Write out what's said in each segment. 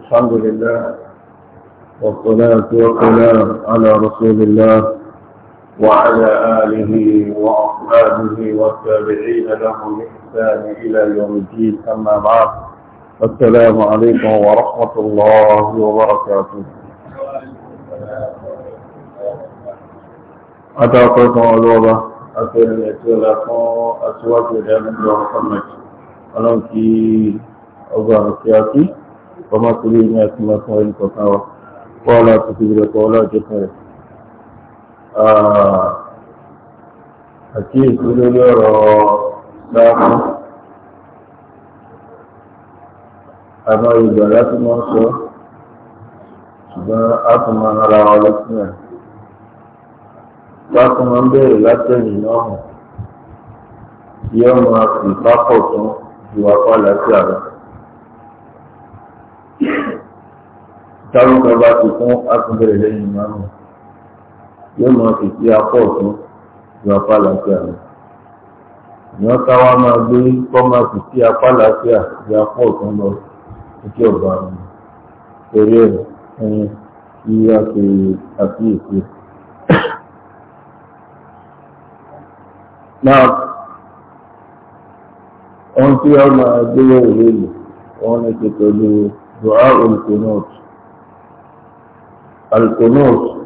الحمد لله والصلاة والسلام على رسول الله وعلى آله وأصحابه والتابعين له إحسان إلى يوم الدين أما بعد السلام عليكم ورحمة الله وبركاته أتاكم الله أتاكم الله أسواق الأمن ومحمد ألم في أبو ọmọ tó lè ní àti máa fún ẹni kọ̀ọ̀kan wa kọ́ ọ́ láti fi rẹ̀ kọ́ ọ́ láti fún rẹ̀. àti èso lórí ọ̀rọ̀ sáàmù àmọ́ ìgbà láti máa sọ ṣùgbọ́n a tún máa ń ra ọ létí rẹ̀. Bákan máa ń bẹ̀rẹ̀ látẹ̀yìn náà yóò máa fi pápọ̀ tún ìwà pálá sí àárọ̀. táwọn kan bá ti fún akúndẹ̀rẹ̀ lẹ́yìn ìmáàmù yóò máa fi sí apá ọ̀tún ju apá àlàáfíà lọ. ìyàn táwa máa gbé kọ́ máa fi sí apá àlàáfíà ju apá ọ̀tún lọ títí ọ̀bà àwọn torí ẹ̀ ẹni tí a ṣe àkíyèsí. náà ohun tí a máa gbé yẹ̀wò lélẹ̀ wọ́n ní ṣe pẹ̀lú dùá olùkọ́ náà tù alkunut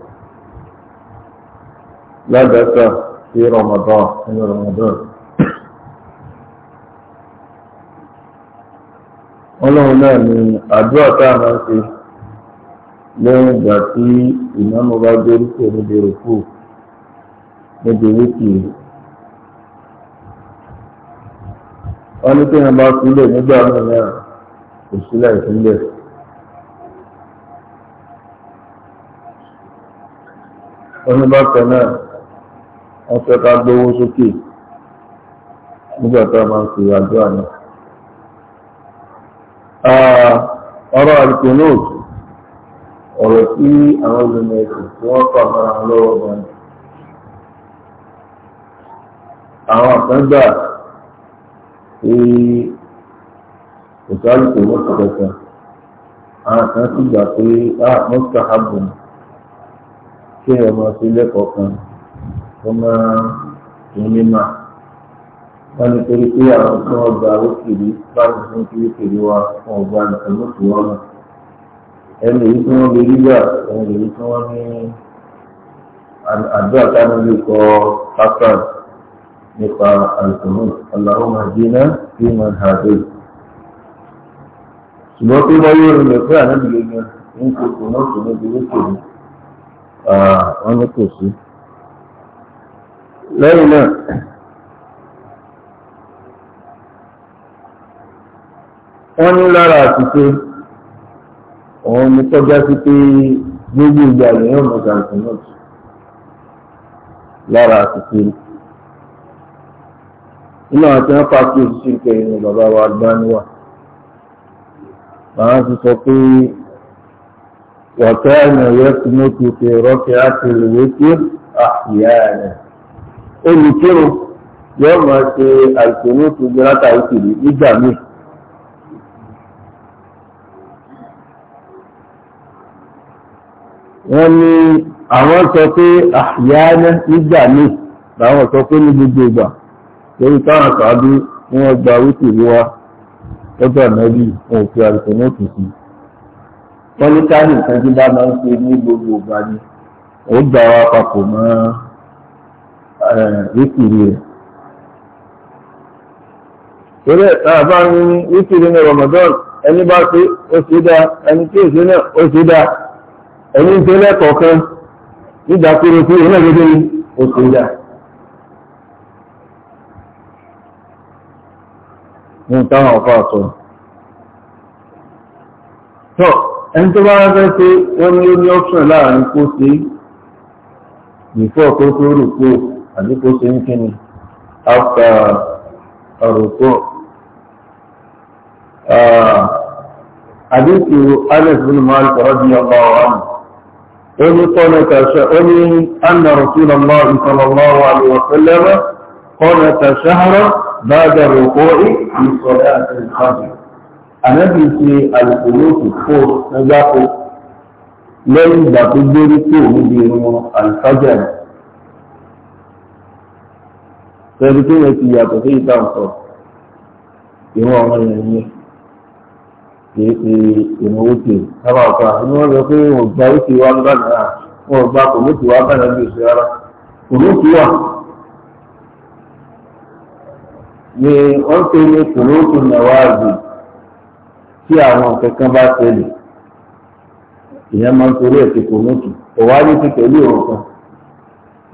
ládàkà sí Ramadan nínú Ramadan. ọlọ́run náà ni àdúrà tá a máa ń ṣe lẹ́yìn ìgbà tí ìnáwó bá dórí kò níbi rúkú níbi wíkì wọ́n ní kí wọ́n bá sílẹ̀ nígbà náà kò sílẹ̀ ìpínlẹ̀. oníbàkan náà wọ́n fẹ́ ká gbówó sókè nígbà tá a máa ń fi àdúrà náà. ọ̀rọ̀ àlùkò náà ọ̀rọ̀ tí àwọn olùmọ̀ ẹ̀sìn tí wọ́n fà mọ́ra lọ́wọ́ wọn. àwọn àkàndà tí kò sálùkò mọ́tò kẹta àwọn kan sì gbà pé ah, mọ́tò kí ẹ máa fi lẹ́kọ̀ọ́ kan kó máa tún mímà wọn ni torí pé àwọn tí wọn gba owó kiri báwo ni wọn kiri kiri wa wọn ò gba nǹkan mọ́tò wọn mọ̀ ẹni èyí tí wọn lè rí gbà ẹni èyí tí wọn ní àdúrà táwọn lè kọ pápán nípa àlùkùnrin Allahumma jina fi man hadith ṣùgbọ́n tó bá yóò rìn lẹ́kọ́ àná ìlú yẹn ń kókò náà tó níbi wípé wọ́n ní kò sí. lẹ́yìn náà wọ́n ní lára àtúnṣe òun ni tọ́já sí pé gbogbo ìgbà lèèyàn mọ̀ jàǹtì náà jù lára àtúnṣe inú àti wọn pàṣẹ òṣìṣẹ́ ìkẹyìn ní bàbá wa gbá màá ti sọ pé وكان يصمت في ركعة الوتر أحيانا olùkírun yóò máa ṣe àìsàn tó gbéráta ìkìlì nígbà míì wọ́n ní àwọn sọ pé àyáná nígbà míì làwọn sọ pé ní gbogbo ìgbà lórí táwọn sàábí wọ́n gba wítìrí wá lọ́jọ́ ànábì wọn ò fi àìsàn náà tù sí i wọ́n ní káàdì nǹkan bá máa ń ṣe ní gbogbo ọgbà ni ó gbà wá papọ̀ mọ́ wíkìlì rẹ̀. Torí ẹ̀ka àbá ń ní wíkìlì ní Ramadan ẹni bá ó ẹni tó bá rẹ́ pé wọ́n ní ó ní option láàrin kó ṣe before kó tó rò pé àbí kó ṣe ń kíni after àròkọ. حديث أنس بن مالك رضي الله عنه أني قنت أني أن رسول الله صلى الله عليه وسلم قنت شهرا بعد الركوع من صلاة الفجر ànábì ṣe alùpùpù fò nígbàpò lẹ́yìn ìgbà tó gbórí kí òun di irun àlùfájà rẹ̀. pẹ̀lú tó yẹ ti yàtọ̀ sí ìta ọ̀sọ̀ ìwọ̀n ọmọ yẹn yẹn kì í ṣe ìrìn òkè sábà ọ̀pá inú wọn sọ pé wọn gba òkè wa bá náà wọn gba kòmókè wa bá náà bí oṣù rárá kòmókè wà ni wọ́n ń pè ní kòmókè nàwáàzì tí àwọn kankan bá ṣẹlẹ̀ ìyẹn máa ń torí ẹ̀ ti kò nókì ọ̀wá ní ti pẹ̀lú ọ̀rọ̀ kan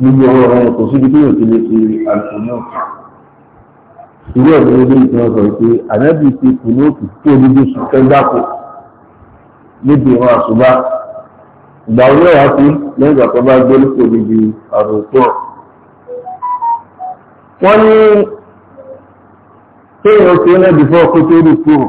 níbi ọ̀rọ̀ ọ̀rọ̀ kò síbi tí yóò ti lè fi àlùkò náà ìwé ọ̀rọ̀ ilé ìtàn ọ̀sọ̀ pé ànábì ti kò nókì tí olùdó sùkẹ́ gbáko níbi ìwọ̀n àṣùbá ìgbà olóòwà sí lẹ́yìn ìgbà tó bá gbé lóko níbi àròkọ wọ́n ní kéèyàn ti ń rẹ́ bífọ́ kó tó rí kúrò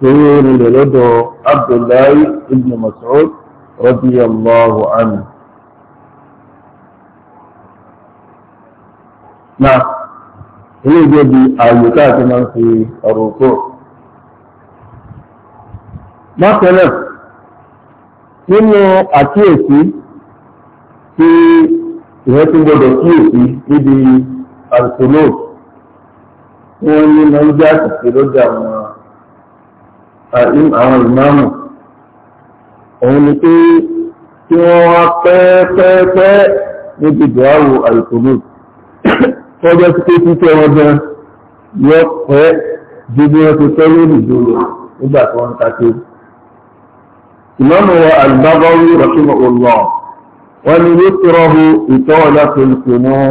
torí orin lè lọ́dọ̀ abdullahi ibn mas'ud radiyallahu anhu. na ilé ìjọ di ààyè káàkiri máa ń fi ọ̀rọ̀ òkú. bákan náà nínú àkíyèsí tí ìwé tí gbọdọ̀ kíyèsí níbi alkolóòtù wọ́n ní máa ń jẹ́ àtìsí lọ́jà wọn àwọn ìmáàmù òun ni pé kí wọ́n wá pẹ́ẹ́pẹ́ẹ́pẹ́ níbi ìdòwò àìkòlù tọ́jọ́ sí pé títẹ́ wọn gan yọ pẹ́ ju bí wọ́n ti fẹ́ lórí ìdòwò nígbà tí wọ́n ń kàkó. ìmáàmù wa àlùbáwáwí rọ̀kìmọ̀ olùwà wọ́n ní yóò tọrọ ìtọ́wọ́dá tó ń pè náà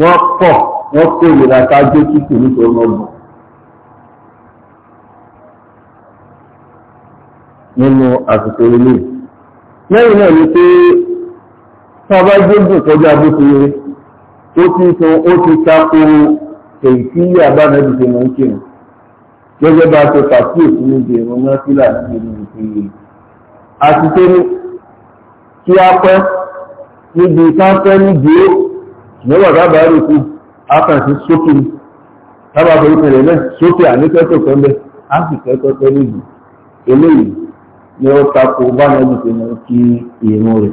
wọ́n pọ̀ wọ́n kó ìlera ká gbé kíkì nítorí ọgbọ̀n. nínú àsìkò ilé lẹ́yìn náà ni pé tọ́bá gbógun kọjá bó ti rí ó ti sọ ó ti tako èyí tí àbánẹ́bí ṣe mọ̀ ń kírun gẹ́gẹ́ bá ṣe pàkíyèsí níbi ìrún mọ́sílà ti mú ìpìlẹ̀ àti pé kí a pẹ́ níbi káńpẹ́ níbi ó mọ́wà bàbá rẹ̀ kú akànṣe sókè tábà pẹ̀lú pẹ̀lẹ́ náà sókè àníkẹ́kọ̀ọ́ kan bẹ́ẹ̀ á sì kẹ́kọ̀ọ́ kan níbi eléyìí ni ó takò báyọ̀ lè mú kí irun rẹ̀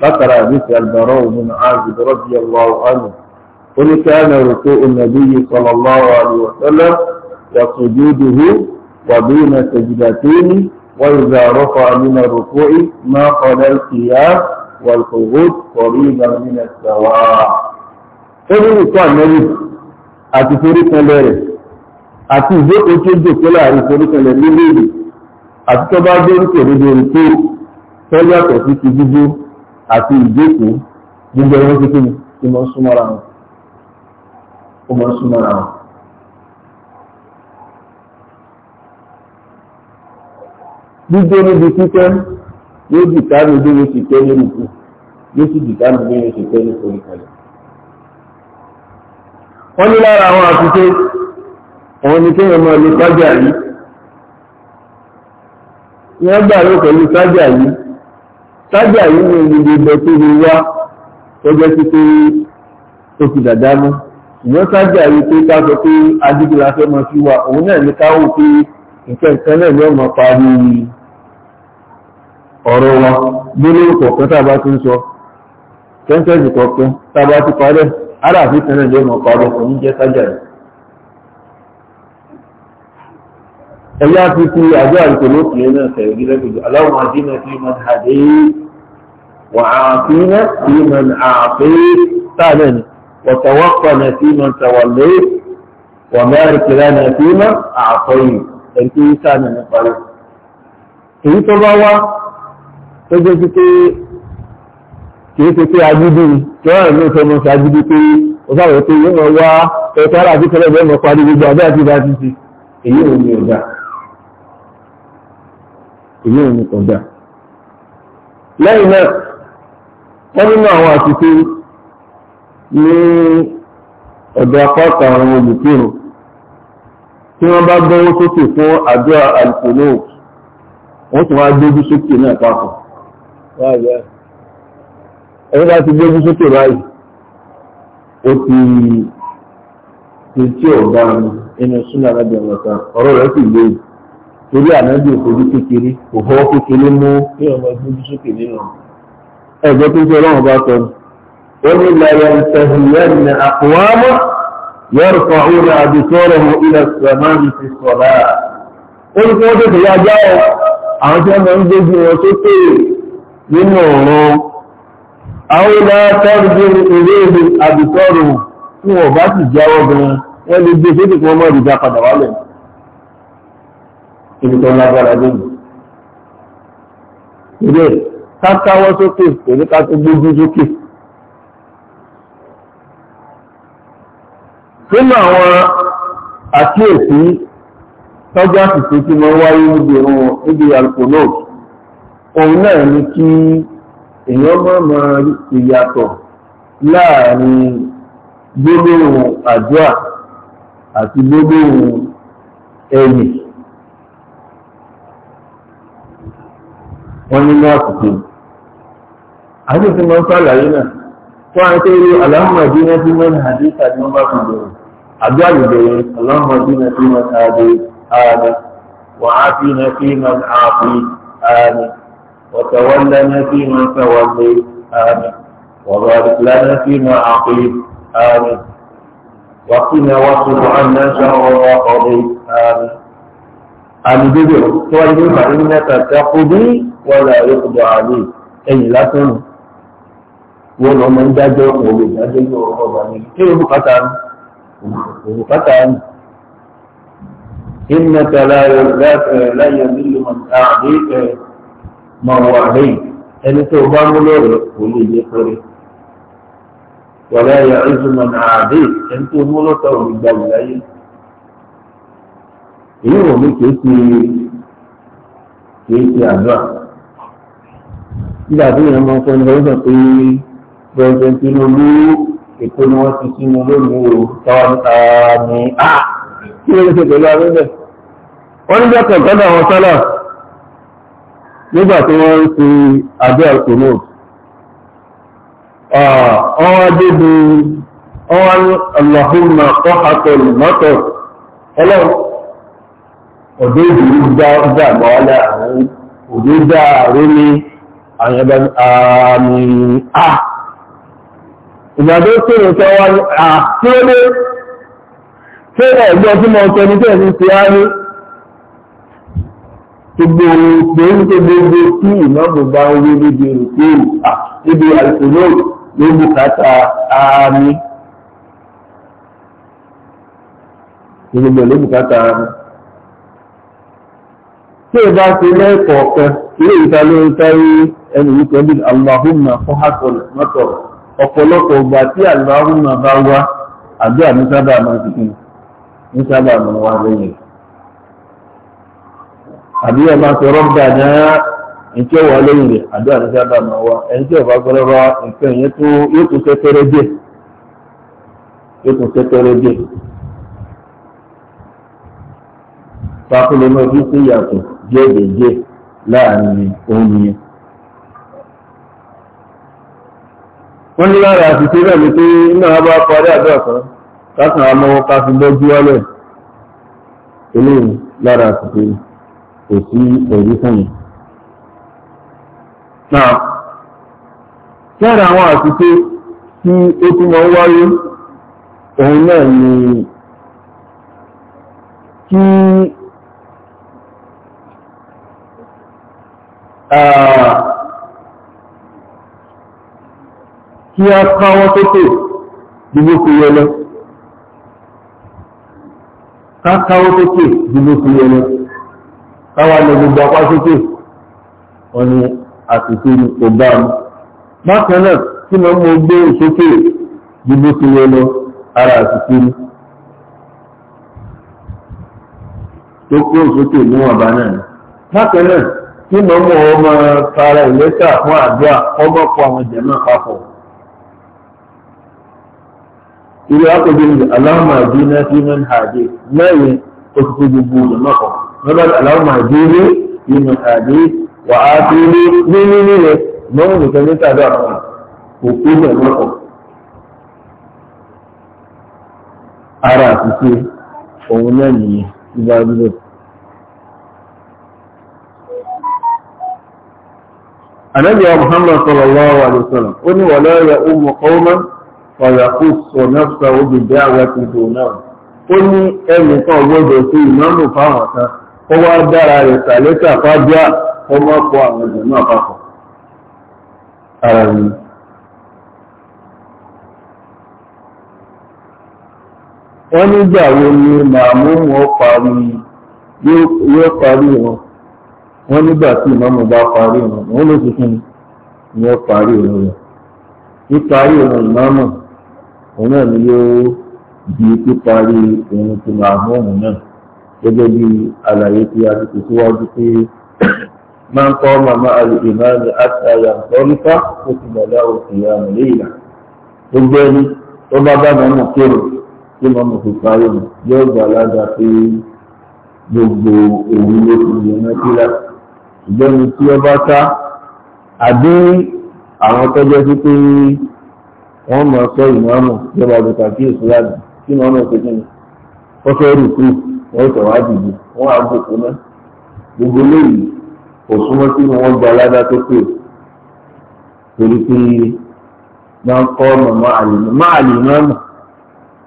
látara àdìsí àgbàrá òun àti ìdọ́rọ̀bí ọlọ́ ọ̀hánù ó ní kí á nà rò pé ònàbí yìí sọ̀rọ̀ lọ́wọ́ àlùwọ̀tẹ́lẹ̀ wàtòjú dùhú wàbí ìnà tẹ̀jìdàtẹ́ni wọ́n ìgbà rọ́fà nínú rògbò ì máa kọ̀dá ìkìyà wàlùkòwò kọ̀rí ìgbà nínú ìsàwà. ó ní ìtọ́ àmẹ́rì àti forí kan lẹ́rẹ̀ àti ìjókòó tó láàrin forí kan lẹ́rẹ̀ àti tó bá dé ní kòdodo ìkó tó yàtọ̀ sí ti dúdú àti ìjókòó gbogbo ẹ̀rọ ti kéde tí mo ń súnmọ́ra wọn ó mọ̀ ń súnmọ́ra wọn. Dídé níbi títẹ́ yóò dìtà mi bí mo ti tẹ́ nínú kù yóò sì dìtà mi bí mo ti tẹ́ nínú orí Wọ́n ní lára àwọn àtúnṣe òun ni kéèyàn máa lè pàjá yìí wọ́n gbàrú pẹ̀lú sájà yìí sájà yìí ní ìdíje ìbẹ̀ tó lè wá ọjọ́ tí pé ó ti dàdá mú ìyọ́n sájà yìí pé ká sọ pé adigun la fẹ́ mọ sí wa òun náà ní ká wò pé nǹkan nǹkan náà ní ọmọ parí ọ̀rọ̀ wa a bá ti ń sọ sẹ́ńtẹ́ǹsì a bá ti parẹ́ ara àfikún náà ní ọmọ parí ọkọ̀ ní jẹ́ sájà ẹ̀yà ti fi àjọ àìkò ló kìí náà tẹ̀lé ní lẹ́gbẹ̀ẹ́ aláwọ̀ àdínà tí ó máa hàdé wà àfihàn tí ó máa àfẹ́ tààlẹ̀ ni wọ̀tọ̀wọ́pọ̀ náà tí ó máa tàwàlẹ́ wà mẹ́rin kìlá náà tí ó máa àfẹ́ yìí ẹni tí ó sáà ní parí. èyí tó bá wá tó jẹ́ pé kìí ṣe pé agídí tí wọ́n ní ìfẹ́ mọ́ agídí pé ó sáà pé yóò wá ẹ̀ka èyí ò ní kọjá lẹ́yìn náà wọ́n nínú àwọn àṣìṣe ní ọ̀dọ̀ apáta àwọn olùkírun tí wọ́n bá gbọ́wọ́ sókè fún àdúrà alùpùpù wọ́n tún wá gbójú sókè náà papọ̀ ẹni bá ti gbójú sókè báyìí ó ti ti tí ò bá súnà lábẹ́ ọ̀rọ̀ rẹ̀ sì gbé torí ànábì òfojú kékeré òfọwọ́ kékeré mú kí ọmọ ìgbójú sókè nínú ẹgbẹ́ tó ń sọ ọlọ́run bá sọ ó ní láyé ń tẹ̀hìn yẹ́nì àkùnwámọ́ yọ́rù kan ó ní àdìsọ́rọ̀ mú ilẹ̀ sọ̀mánì ti sọ̀rọ̀ ó ní kí wọ́n tètè yá já ọ àwọn tí wọ́n máa ń gbójú wọn sókè nínú ọ̀run àwọn ilẹ̀ tọ́rù bí ilé ìlú àdìsọ́rọ̀ tí wọ́n bá sì jáwọ́ gan wọ́n lè gbé e sókè kí wọ́n mọ̀ ibi tó lágbára lónìí. Ilé kákáwọ́ sókè èyí ká tó gbójú sókè. Nínú àwọn àkíyèsí tọ́jú àsìkò tí wọ́n wáyé níbi ìrún níbi alkolo, òun náà ni kí èèyàn máa mọ ìyàtọ̀ láàrin gbólóhùn àdúrà àti gbólóhùn ẹ̀yìn. wọ́n ní nọ́ọ̀sì kí àti tí wọ́n sàlàyé náà tó à ń pé irú aláhùnmọ̀dé náà tí wọ́n hàdí tàbí wọ́n bá fi bẹ̀rẹ̀ àbí àgbègbè aláhùnmọ̀dé náà tí wọ́n sàdé ààrẹ wà á fi náà fi máa àfi ààrẹ wọ̀tẹ̀wọ́lẹ́ náà fi máa fẹ́wọ́lẹ́ ààrẹ wọ̀rọ̀lẹ́ náà fi máa àfi ààrẹ wàkínà wàkínà àná sọ̀rọ̀ ọ̀rẹ́ ààrẹ àmìdébè tó wáyé nípa ní mẹ́ta tẹ́kù bí wọ́n rà ìkùdọ̀ àlè ẹ̀yìn lásán wọn lọ mọ ń dájọ́ òwe ìdájọ́ yóò ọkọ̀ bá ní kí ló kàtà ní òkàtà ní. إنك لا لا يذل من أعديك من وعديك ẹni tó bá mú lọ́rẹ̀ kò lè yẹ pẹ́rẹ́ wọ́n láyà ìzùmọ̀ náà ẹni tó mú lọ́tọ̀ òun ìgbà ìláyé èyí wò mí kìí ṣe kìí ṣe àdúrà nígbà tí èèyàn máa ń fọ́n lọ́wọ́ sọ pé gbọ́dọ̀ Tinubu èkó ni wọ́n ti sínú lónìí o táwa ni a kí ló ń ṣe pẹ̀lú abẹ́bẹ̀. wọ́n ní dọ́kítà gbọ́dọ̀ àwọn sọ́là nígbà tí wọ́n ń ṣe àdúrà kùnú ọwọ́ débi ọwọ́ Allahumma kọ́ àtọ̀ mọ́tọ̀ ọlọ́run ọ̀dọ́ ìdìrí gbá gbàgbọ́ wálé àwọn òdó dá àró ní àyẹ̀bẹ̀ àmì à ìgbàdó tí ó tẹ́ wá ní àkíọ́lé tí ẹ̀gbọ́n tí mo tẹ́ ní tẹ́ẹ̀sí ti á ní gbogbo ohun tó gbogbo tí ìmọ̀bù bá ń wí níbi ìrùkú níbi àìsòló ló bùkátà àmì gbogbo ló bùkátà àmì tí ẹ bá ṣe lẹ́ẹ̀kọ̀ọ̀kan ilé ìta lórí táyé ẹni wípé bí aláhùnmá fún mọ́tọ̀ ọ̀pọ̀lọpọ̀ tí aláhùnmá bá wá àbí àmì sábà máa ti kún ní sábà máa wá lẹ́yìn. àbí ẹ máa sọ rọ́bà wà lẹ́yìn rẹ̀ àbí àmì sábà máa wá gbọ́dọ̀ wá nǹkan tó yóò tún díẹ̀ géègéègé láàrin omi yẹn. wọ́n ní lára àṣìṣe náà ni pé iná bá parí àdúrà kan kákan ká fi lọ́jú wálẹ̀ lára àṣìṣe kò sí ẹ̀rí fún yìí. náà àwọn àṣìṣe tí ó tún mọ́ wáyé òun náà ni kí kí a káwọ́ sókè dìbò sí yẹlẹ ká káwọ́ sókè dìbò sí yẹlẹ káwà lè gbogbo apá sókè ọ̀nà àtìkú ọgbà mú bákan náà tí mo mú gbé sókè dìbò sí yẹlẹ ara àtìkú tó kó sókè níwọ̀nba náà bákan náà kí ló mú ọmọ tara ìlẹ́sà fún àdúrà ọmọ pọ̀ àwọn jẹ̀mọ́ papọ̀. ilé akọ̀bí ni aláwọ̀mọ̀ àjí náà fi mọ́ àjẹ́ mẹ́rin oṣù gbogbo jẹ̀mọ́ pọ̀ lọ́dọ̀ aláwọ̀mọ̀ àjí ní ìmọ̀ àjẹ́ wà á fi ní nínú nílẹ̀ mọ́wọ́n nìkan ní tàbí àwọn òkú jẹ̀mọ́ pọ̀. ara àtúnṣe òun náà nìyẹn ìbá dúró. àlẹ́bíà Muhammad sallallahu alaihi wasallam ó ní wọ̀lẹ́ rẹ̀ ó mọ̀ ọmọ ọ̀yàkú sọ̀nẹ́fẹ́ obìnrin àwọn ti dò náà ó ní ẹnìkan gbọ́dọ̀ sí ìmọ̀nù fáwọn kan ó wá dára rẹ̀ sàlẹ́sà fábíà ó mọ̀ pọ̀ àwọn ìjọ náà papọ̀ ara rẹ̀ wọ́n nígbà wo ni màmú wọn parí yóò parí wọn wọ́n nígbà tí ìmáàmù bá parí ìrun wọ́n ló ti fún ni wọ́n parí ìrun rẹ̀ píparí ìrun ìmáàmù òun náà ni yóò di píparí ìrun ti màmúùmù náà gẹ́gẹ́ bí àlàyé tí a ti tẹ̀síwájú pé máa ń kọ́ màmá alìmáàmù àtàyà lọ́rífà ó ti bàdá òkè àmì léèlà gbogbo ẹni tó bá bá màmú kérò tí màmú fi parí ìrun yóò gbà ládàá pé gbogbo òun ló fi ìgbẹ́ni tí ó bá sá àbí àwọn tó jẹ́ sí pé wọ́n mọ̀ sọ ìmọ̀ọ́mù ìjọba àgbẹ̀ta kí èso láti kí mọ̀ọ́mù ṣe kí ni ó fẹ́ rù kú wọ́n sọ wá dìde wọ́n á gòkó náà gbogbo léyìí kò súnmọ́ sí wọn gba aládá tó pè torí pé wọ́n kọ́ mọ̀mọ́ àlìmọ́ mọ́ àlìmọ́ mọ̀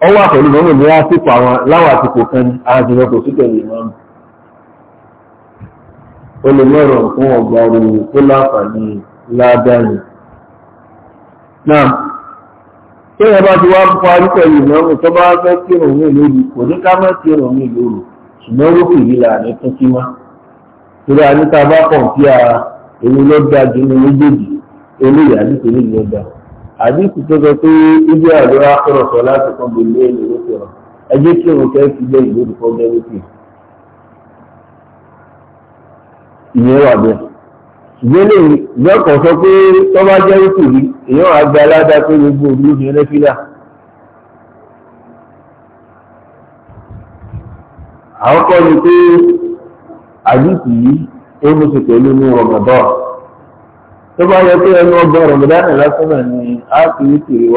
ọ wà pẹ̀lú mọ́mọ́ ní wọ́n á sípò àwọn láwọn àsìkò kan ní àwọn àti wọn kò sí pẹ̀lú ìmọ̀ọ́mù ó lè mọ́rọ̀ fún ọgbà orí tó láǹfààní ládáyé. náà tí ẹ bá ti wá parí pẹ̀lú ìnáwó tó bá fẹ́ kírun ní lóru kò ní ká má kírun ní lóru ṣùgbọ́n ó kìí là ní tún kí má. torí a ní ká bá pọ̀ kí a èmi ló dáa ju ní méjèèjì eléyìí àdìsí ní ìlú ọjà àdìsí tó sọ pé ibi àdúrà kọ̀rọ̀ láti kọ́ gbèlé ìlú rẹ̀ ẹ jẹ́ kírun kẹ́ fi gbé ìlú ìfọ́gbẹ́ lókè. e wà bẹ́ẹ̀ ìgbélé ìjọkàn sọ pé tó bá jẹ́ rúkù rí agba aládá pé gbogbo òbí ní ẹlẹ́fílà àkọ́kọ́ ni pé àdìsí yìí ó ní ṣe pẹ̀lú ní tó bá yẹ pé a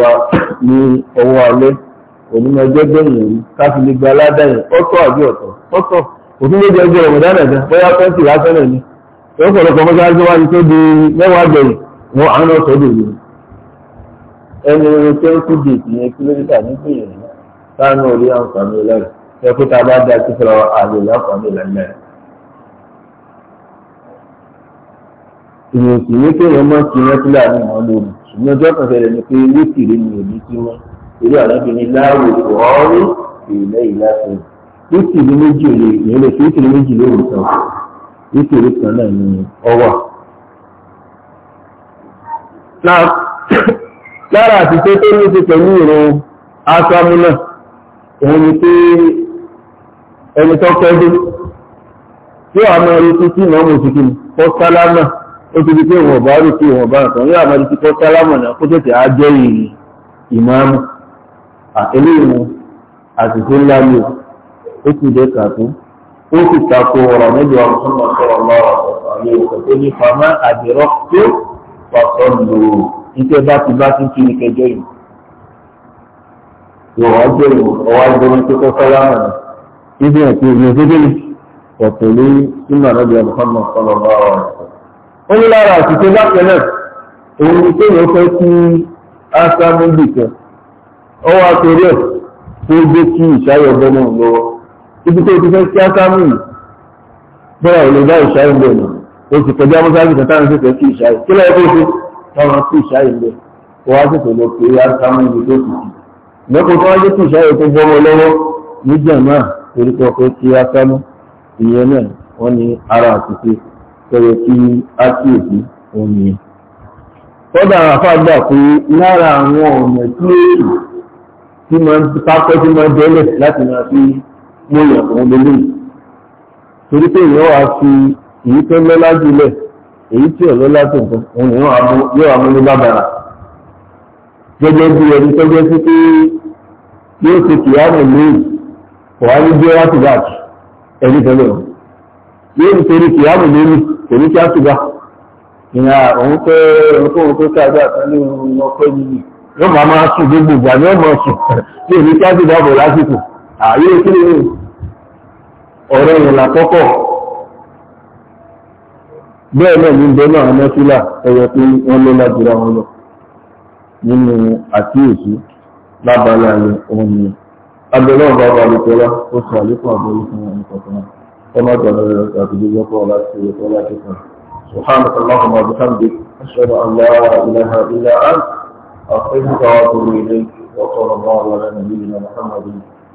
wa ní ọwọ́ alẹ́ onímọ̀ ẹgbẹ́ gbẹ̀yìn gba aládá ọ̀tọ̀ àbí ọ̀tọ̀ ọ̀tọ̀ òfin ló jẹ́ ọjọ́ ọ̀mọ̀dá nàìjá bóyá twenty lásán náà ni lọ́pọ̀lọpọ̀ mọ́sáájú wájú tó di mẹ́wàá gbẹ̀yìn wọn àwọn náà sọ́dọ̀ ìlú ẹni orin tó ń kú di ìpìyẹn kílómítà ní pìyẹn sáánù orí àǹfààní ẹlẹ́rìí ẹ pé tá a bá da sí fúnra àlè láǹfààní ẹlẹ́rìí. ìyẹn sì ní kéèyàn máa ti rántí láàrin àwọn lórí ṣùgbọ́n ọjọ́ kan ṣẹlẹ̀ ni pé wíkìrì ni òbí tí wọ́n fífì ní méjì lè yẹn lè fífì ní méjì lè wò sàn fífì ní kan náà ni ọwà. lára àtìsé tó ní ti pẹ̀lú ìrun aṣáájú náà òun ni pé ẹni tó kẹ́ dé tí àwọn ọmọ ẹni tí ìmọ̀ ọmọ òṣìkì kọ́ sálámà ó ti di pé ìwọ̀n bá rí sí ìwọ̀n bá nǹkan ní àmọ́ ti kọ́ sálámà náà kó tètè á jẹ́ ìrìn ìmọ̀ àmọ́ àtẹlẹ́yìn àtìsé ńlá ni ó sì dé kàtó ó sì tako ọ̀rọ̀ níbi ọ̀rọ̀ tó lọ sọ̀rọ̀ lọ́rọ̀ ọ̀sán yóò tó ní fama àdìrọ́ tó pàtó lò ó níṣẹ́ bá ti bá ti kiri kẹjọ yìí. Yòówá jẹ́ ọwá gbọ́dọ̀ tó kọ́ sálámà rẹ̀. Ibi ẹ̀kú ìlú ìdíjìnì ọ̀tọ̀ ní ìmọ̀ níbi ọ̀rọ̀ tó lọ sọ̀rọ̀ Ó ní lára àṣìṣe bákan náà, òun ni kéèyàn fẹ́ kí ásámúdì kan. Ọwọ́ àtòrí tó gbé kí ìṣáyọ̀ ibi tó ti fẹ́ kí á sáà mú bẹ́ẹ̀ ò lè bá ìṣáì lè nù o sì kọjá mọ́sáàbì kan táwọn ṣẹ̀ṣẹ̀ kí ìṣáì kí lọ́wọ́ tó ṣe táwọn kí ìṣáì lè kó wá ṣẹ̀ṣẹ̀ lọ pé á sáà mú ibi tó ti kì lọ́kọ̀ tó wá jẹ́ kí ìṣáì tó gbọ́mọ lọ́wọ́ níjà náà torí kọ́ pé kí á sáà mú ìyẹn náà wọ́n ní ara àtúnṣe tọ́wọ́ kí á kíyèsí òun nìyẹn. kọ́dà àfáà pé lára àwọn ọ̀nà tí ó tí mo yàn fún lélẹ̀ torí pé ìyẹn wàá fi èyí tó lọ́lá jùlẹ̀ èyí tí ò lọ́lá tó nǹkan òun yóò amúlé bàbàrà gẹ́gẹ́ bí ẹni tó jẹ́ sí pé yóò ṣe kìámù lóyìn kò wá ní jẹ́ láti bá ẹni tẹ́lẹ̀ wọn yóò ní torí kìámù lóyìn kò ní kí á ti bá ìyá òun pé ohunkóhun tó ká gbà tán ní ọpẹ́ yìí yóò máa máa sùn gbogbo ìgbà ní ọmọ sùn ní kí á ti dáàbò lásìkò ààyè kí ni ọ̀rọ̀ yẹn lákọ́kọ́ bẹ́ẹ̀ náà ní bẹ́ẹ̀ náà mọ́sílà ẹ̀yẹ pé wọ́n ló lájúra wọn lọ nínú àkíyèsí lábala yẹn òun ni abẹ́lẹ́ ọ̀gá ọba àlùkọ́lá ó sọ àlékún àbẹ́lẹ́ fún ẹnì kọ̀ọ̀kan ọmọ ìjọba àti ìjọba ọkọ̀ láti ẹ̀kọ́ láti kan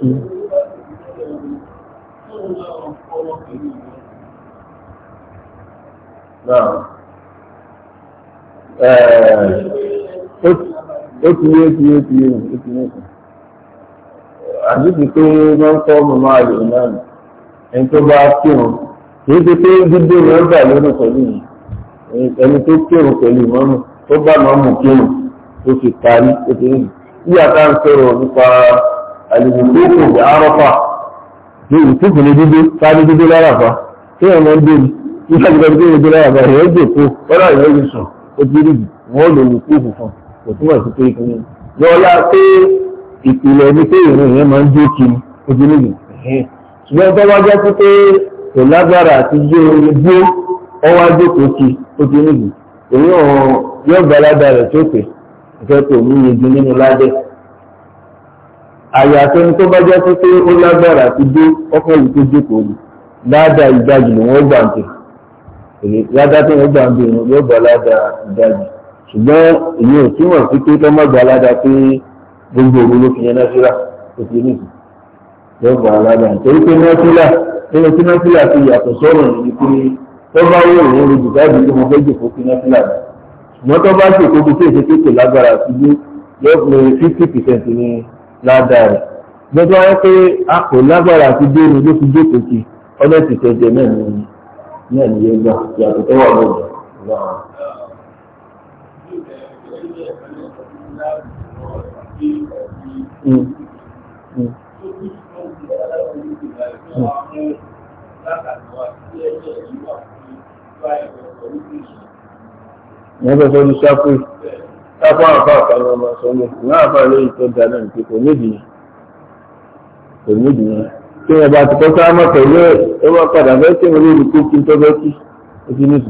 ó ti yé ti yé ti yé ó ti yé kan àdúgbò pé wọ́n kọ́ mọ̀mọ́ àlè náà ẹni tó bá kírun kì í ṣe pé gbígbé wọn gbà lónà pẹ̀lú yìí ẹni tó kírun pẹ̀lú ìmọ̀nù tó bá mọ̀mù kírun ó fi parí ó ti rí bí àtà ń sọ̀rọ̀ nípa àlùkòkò bí arọ́fà ní ìtúkù ní dídó sáré dídó láràfà tí wọ́n mọ́ ń dé ní ìṣàkùnrin tó ń dé láràfà ìyẹn jòkó ọ̀rọ̀ ìyẹn yìí sùn ó ti rí wọ́n lò wù kú fùfún kò túmọ̀ sí pé kí ni lọ́la pé ìpìlẹ̀ ní pé ìrìn yẹn máa ń jó kiri ó ti rí ṣùgbọ́n tó bá jẹ́ pé kò lágbára àti jó orin dó ọwọ́ àjòkó kí ó ti rí èyí ọ̀hún yóò gbàládà rẹ̀ tó pè ìfẹ́ kò ní iye nínú ládẹ́ àyàfẹ́ ní tó bá jẹ́ pé pé ó lágbára ti dé ọkọ̀ yìí tó jókòó ni láàdá ìdajì lòun ó gbàǹdè láàdá tó ń gbàǹdè ni yóò gba láàdá ìdajì ṣùgbọ́n èyí ò túmọ̀ sí pé tó má gba láàdá pé gbogbo òru ló fi yẹn náfìlà tó fi ní yóò gba láàdá nítorí pé náfìlà nínú tí náfìlà ti yàtọ̀ sọ́rọ̀ ní pé tó bá wù òun lè jùlọ àbí tó mọ fẹ́ jòkó sí náfìlà ni ṣùgbọ́n tó bá ṣèkó bí tí èsì kéèké lágbára ti dé ládàá rẹ̀ gbogbo wọn pé a kò lágbára àti dé ni ló fi jókòó sí ọdún ti tẹ̀jẹ̀ náà ní náà ní yẹn gbà yàtọ̀ tó wà lọ́dọ̀ lọ́wọ́. Wọ́n bẹ̀ fọ́ ní ṣáfù yìí. ẹ̀kọ́ àfa àkàrà ọmọ sọ́nà ìwé ala lóyún tó nke nìkan kò nídìí ya, tí wọn bá ti kọ́ sáà mọ́ pẹ̀lú ẹ̀ tó bá padà bẹ́ẹ̀ tí wọn lórí kí n tó bẹ́ẹ̀ kí ó ti títì náà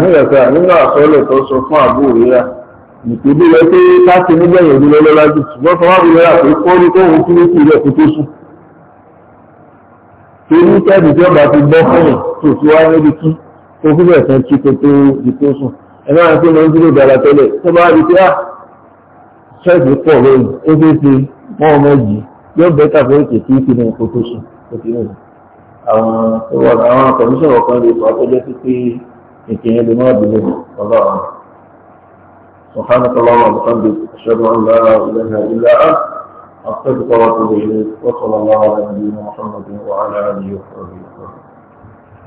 mi náà títì nínú àsọ́lẹ̀ tó sọ fún àbúrò ìpèdè rẹ pé káṣí nígbẹ̀yìn òdúró lọ́lájú ṣùgbọ́n tó wá bí lọ́la pé kó ní kó òun kúrú kúrú ẹ̀kú tó sùn. torí kẹ́ẹ̀dì tí ọba ti gbọ́ fún mi tó fi wá níbi kí tó fi bẹ̀sẹ̀ kí kó tó di tó sùn. ẹ máa ń pè mọ́ dúró dára tẹ́lẹ̀ tó bá rí pé à ah, ṣẹ́ẹ̀sì pọ̀ lóyún ó ṣeé ṣe mọ́ ọmọ yìí yóò bẹ́ tàbí èkè tí kì ní kó tó sùn tó fi nù. àwọn tó wà سبحانك اللهم وبحمدك أشهد أن لا إله إلا أنت أستغفرك وأتوب إليك وصلى الله على نبينا محمد وعلى آله وصحبه